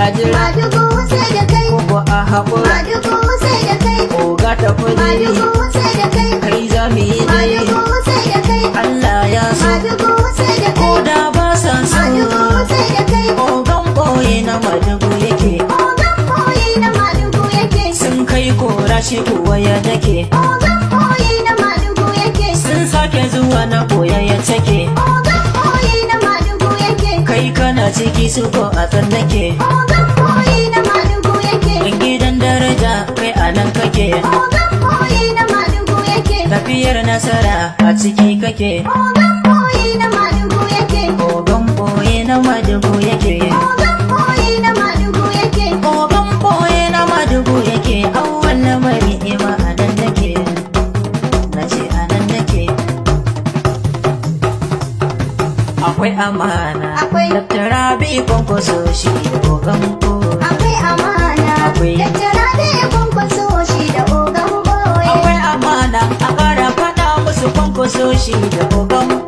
a jira madugu kai a haƙura madugu sai kai ko ga ta kudi madugu sai kai kai za mu yi madugu kai Allah ya so madugu kai ko da ba san so madugu kai ogan boye na madugu yake ogan na madugu sun kai kora shi kuwa ya dake a ciki su ko a tsallake ogan koyi na malugu yake gidan daraja kai a nan kake ogan koyi na malugu yake tafiyar nasara a ciki kake akwai amana akwai dr rabi kwankwaso shi da ogambo akwai amana akwai dr rabi kwankwaso shi da ogambo akwai amana a kara fada musu kwankwaso shi da ogambo